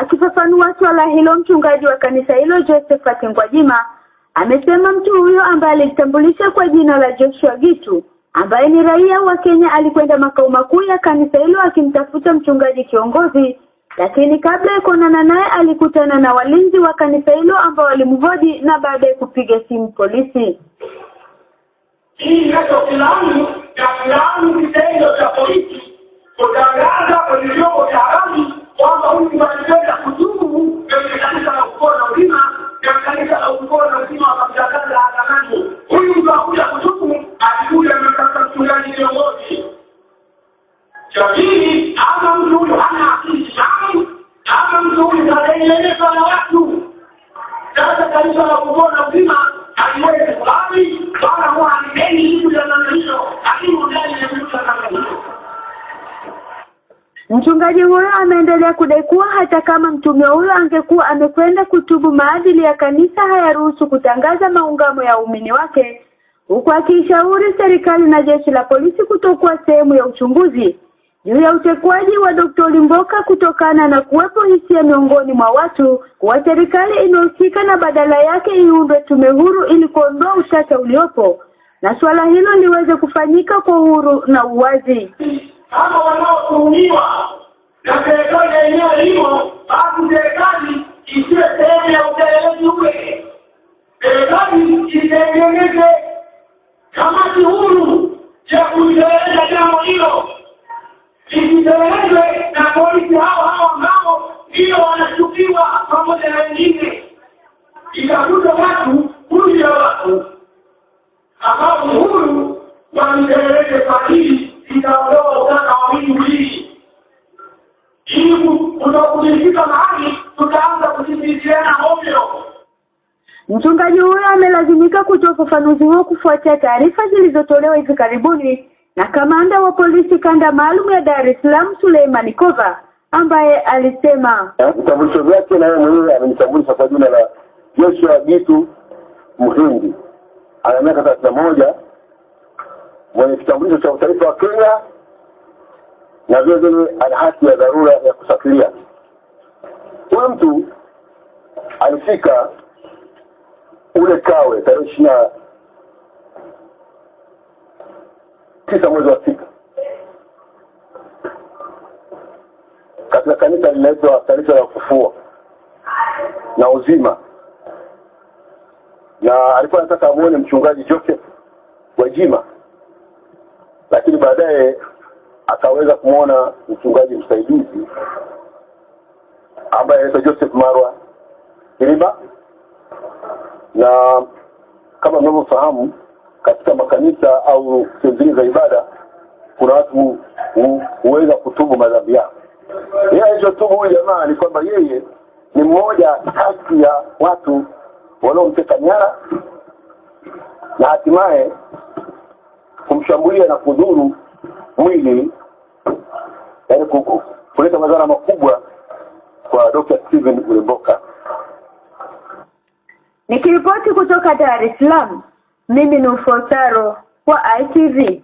Akifafanua swala hilo, mchungaji wa kanisa hilo Josephat Ngwajima amesema mtu huyo ambaye alijitambulisha kwa jina la Joshua Gitu ambaye ni raia wa Kenya alikwenda makao makuu ya kanisa hilo akimtafuta mchungaji kiongozi, lakini kabla ya kuonana naye alikutana na walinzi wa kanisa hilo ambao walimhoji na baadaye kupiga simu polisi. Hii filamu ya filamu kitendo cha polisi kutangaza kwenye vyombo vya hana akili timamu, na watu. Sasa kanisa la kuona haliwezi kubali, huwa ya namna hiyo, lakini ya mtu namna hiyo Mchungaji huyo ameendelea kudai kuwa hata kama mtume huyo angekuwa amekwenda kutubu, maadili ya kanisa hayaruhusu kutangaza maungamo ya umini wake, huku akiishauri serikali na jeshi la polisi kutokuwa sehemu ya uchunguzi juu ya utekwaji wa Dr. Mboka kutokana na kuwepo hisia miongoni mwa watu kuwa serikali imehusika na badala yake iundwe tume huru ili kuondoa utata uliopo na suala hilo liweze kufanyika kwa uhuru na uwazi. Kama wanaotuhumiwa na serikali yenyewe eneo basi serikali isiwe sehemu ya upelelezi ule. Serikali itengeneze kamati huru ya kuendeleza jambo hilo isitelelezwe na polisi hao hao ambao ndio wanashukiwa pamoja na wengine. Ikakuta watu kundi la watu ambao huru wamiteleleze sahihi, itaondoa utata wa vitu vingi ili kutokudirikika mahali tutaanza kusimiliziana ovyo. Mchungaji huyo amelazimika kutoa ufafanuzi huo kufuatia taarifa zilizotolewa hivi karibuni na kamanda wa polisi kanda maalum ya Dar es Salaam Suleiman Kova ambaye alisema eh, vitambulisho vyake na yeye mwenyewe amenitambulisha kwa jina la Joshua Gitu Mhindi, ana miaka thelathini na moja, mwenye kitambulisho cha utaifa wa Kenya na vilevile ana hati ya dharura ya kusafiria. Huyu mtu alifika ule Kawe tarehe ishirini na tisa mwezi wa sita katika kanisa linaitwa kanisa la kufua na uzima na alikuwa anataka amwone mchungaji Joseph Wajima, lakini baadaye akaweza kumwona mchungaji msaidizi ambaye anaitwa Joseph Marwa Kiriba, na kama mnavyofahamu katika makanisa au zingine za ibada kuna watu huweza kutubu madhambi yao. Yeye alichotubu huyu jamaa ni kwamba yeye ni mmoja kati ya watu waliomteka nyara na hatimaye kumshambulia na kudhuru mwili, yaani kuleta madhara makubwa kwa Dr. Steven Ulemboka. Nikiripoti kutoka Dar es Salaam mimi ni Mfwantaro wa ITV